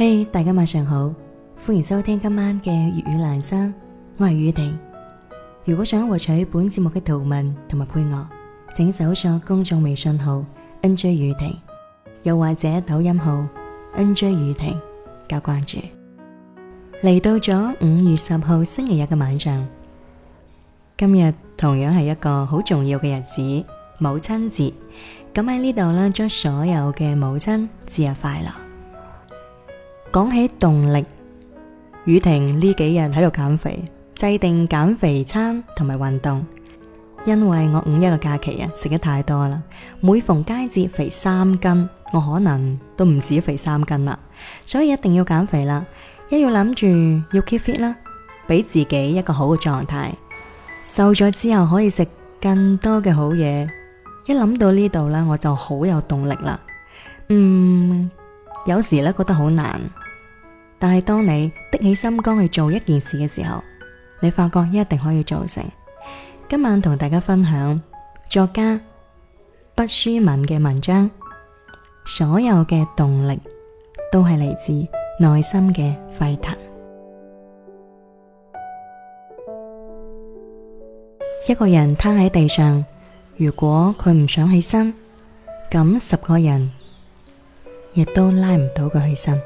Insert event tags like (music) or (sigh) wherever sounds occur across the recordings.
嘿，hey，大家晚上好，歡迎收聽今晚嘅粵語蘭生，我係宇婷。如果想獲取本節目嘅圖文同埋配樂，請搜索公眾微信號 NJ 宇婷，又或者抖音號 NJ 宇婷加關注。嚟到咗五月十號星期日嘅晚上，今日同樣係一個好重要嘅日子——母親節。咁喺呢度咧，祝所有嘅母親節日快樂！講起動力，宇婷呢幾日喺度減肥，制定減肥餐同埋運動。因為我五一嘅假期啊，食得太多啦，每逢佳節肥三斤，我可能都唔止肥三斤啦，所以一定要減肥啦，一要諗住要 keep fit 啦，俾自己一個好嘅狀態。瘦咗之後可以食更多嘅好嘢，一諗到呢度咧，我就好有動力啦。嗯。有時咧覺得好難，但係當你的起心肝去做一件事嘅時候，你發覺一定可以做成。今晚同大家分享作家畢淑敏嘅文章，所有嘅動力都係嚟自內心嘅沸騰。一個人癱喺地上，如果佢唔想起身，咁十個人。亦都拉唔到佢起身，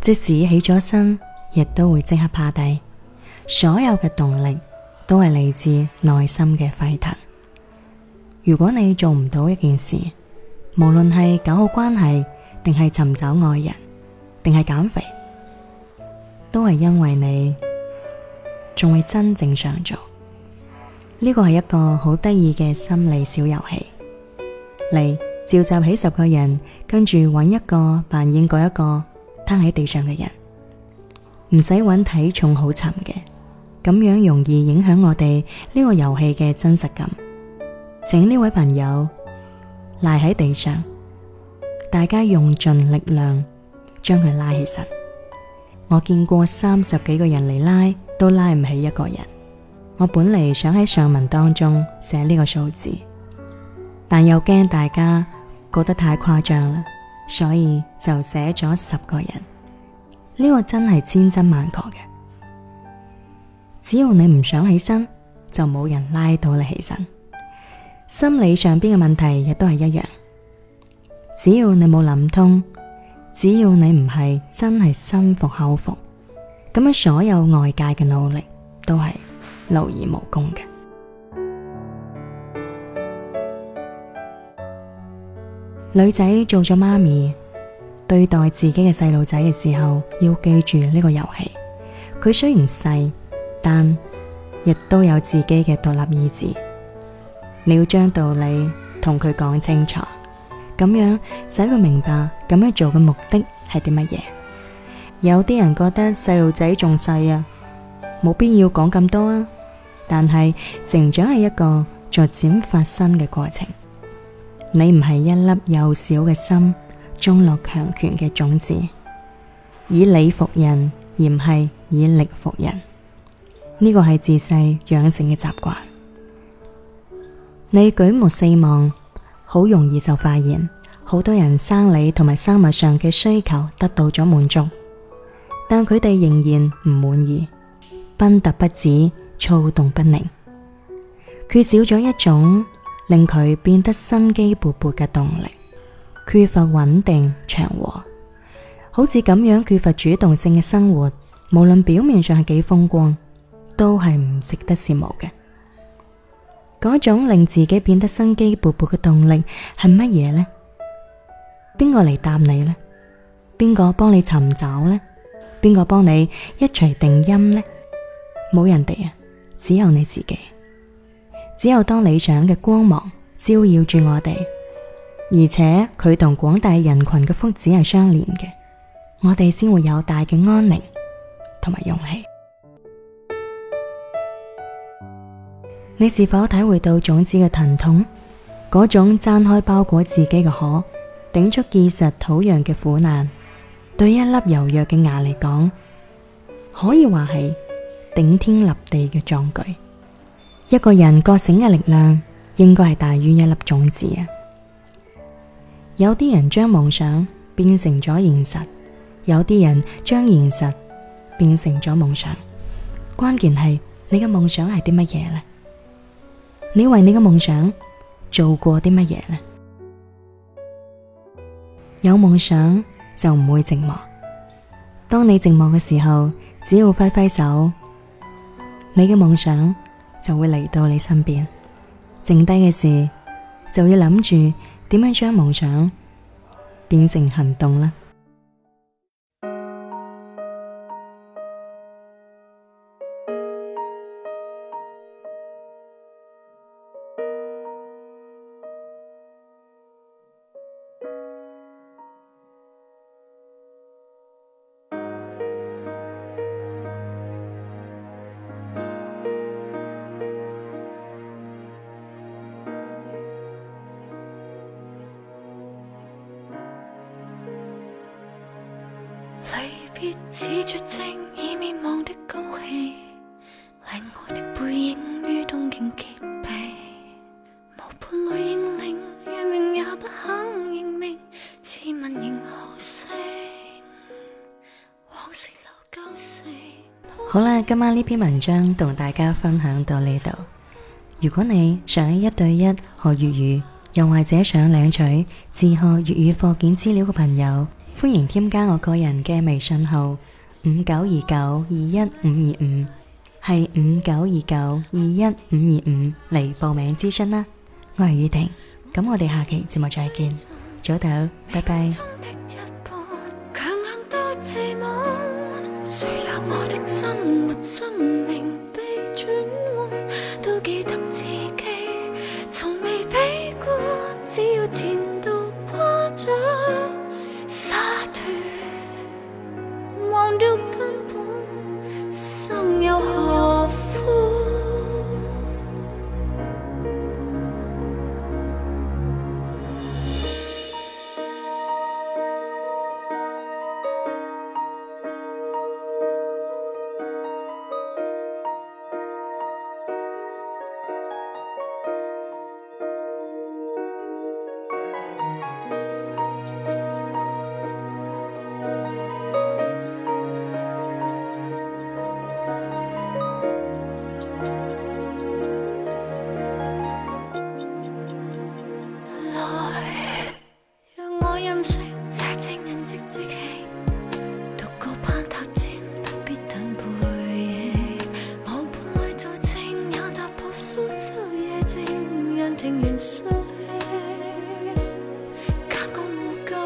即使起咗身，亦都會即刻趴低。所有嘅動力都係嚟自內心嘅沸騰。如果你做唔到一件事，無論係搞好關係，定係尋找愛人，定係減肥，都係因為你仲未真正想做。呢個係一個好得意嘅心理小遊戲，你，召集起十個人，跟住揾一個扮演嗰一個癱喺地上嘅人，唔使揾體重好沉嘅，咁樣容易影響我哋呢個遊戲嘅真實感。請呢位朋友賴喺地上，大家用盡力量將佢拉起身。我見過三十幾個人嚟拉，都拉唔起一個人。我本嚟想喺上文當中寫呢個數字。但又驚大家覺得太誇張啦，所以就寫咗十個人。呢個真係千真萬確嘅，只要你唔想起身，就冇人拉到你起身。心理上邊嘅問題亦都係一樣，只要你冇諗通，只要你唔係真係心服口服，咁樣所有外界嘅努力都係勞而無功嘅。女仔做咗媽咪，對待自己嘅細路仔嘅時候，要記住呢個遊戲。佢雖然細，但亦都有自己嘅獨立意志。你要將道理同佢講清楚，咁樣使佢明白咁樣做嘅目的係啲乜嘢。有啲人覺得細路仔仲細啊，冇必要講咁多啊。但係成長係一個逐漸發生嘅過程。你唔係一粒幼小嘅心，種落強權嘅種子。以理服人，而唔係以力服人。呢個係自細養成嘅習慣。你舉目四望，好容易就發現，好多人生理同埋生物上嘅需求得到咗滿足，但佢哋仍然唔滿意，奔突不止，躁動不寧，缺少咗一種。令佢變得生機勃勃嘅動力，缺乏穩定祥和，好似咁樣缺乏主動性嘅生活，無論表面上係幾風光，都係唔值得羨慕嘅。嗰種令自己變得生機勃勃嘅動力係乜嘢呢？邊個嚟答你呢？邊個幫你尋找呢？邊個幫你一錘定音呢？冇人哋啊，只有你自己。只有當理想嘅光芒照耀住我哋，而且佢同廣大人群嘅福祉係相連嘅，我哋先會有大嘅安寧同埋勇氣。 (music) 你是否體會到種子嘅疼痛？嗰種掙開包裹自己嘅殼，頂出堅實土壤嘅苦難，對一粒柔弱嘅牙嚟講，可以話係頂天立地嘅壯舉。一個人覺醒嘅力量應該係大於一粒種子啊！有啲人將夢想變成咗現實，有啲人將現實變成咗夢想。關鍵係你嘅夢想係啲乜嘢呢？你為你嘅夢想做過啲乜嘢呢？有夢想就唔會寂寞。當你寂寞嘅時候，只要揮揮手，你嘅夢想。就會嚟到你身邊，剩低嘅事，就要諗住點樣將夢想變成行動啦。的的高氣我的背影伴命命，也不肯似往事留好啦，今晚呢篇文章同大家分享到呢度。如果你想一對一學粵語，又或者想領取自學粵語課件資料嘅朋友。歡迎添加我個人嘅微信號五九二九二一五二五，係五九二九二一五二五嚟報名諮詢啦。我係宇婷，咁我哋下期節目再見，早唞，拜拜。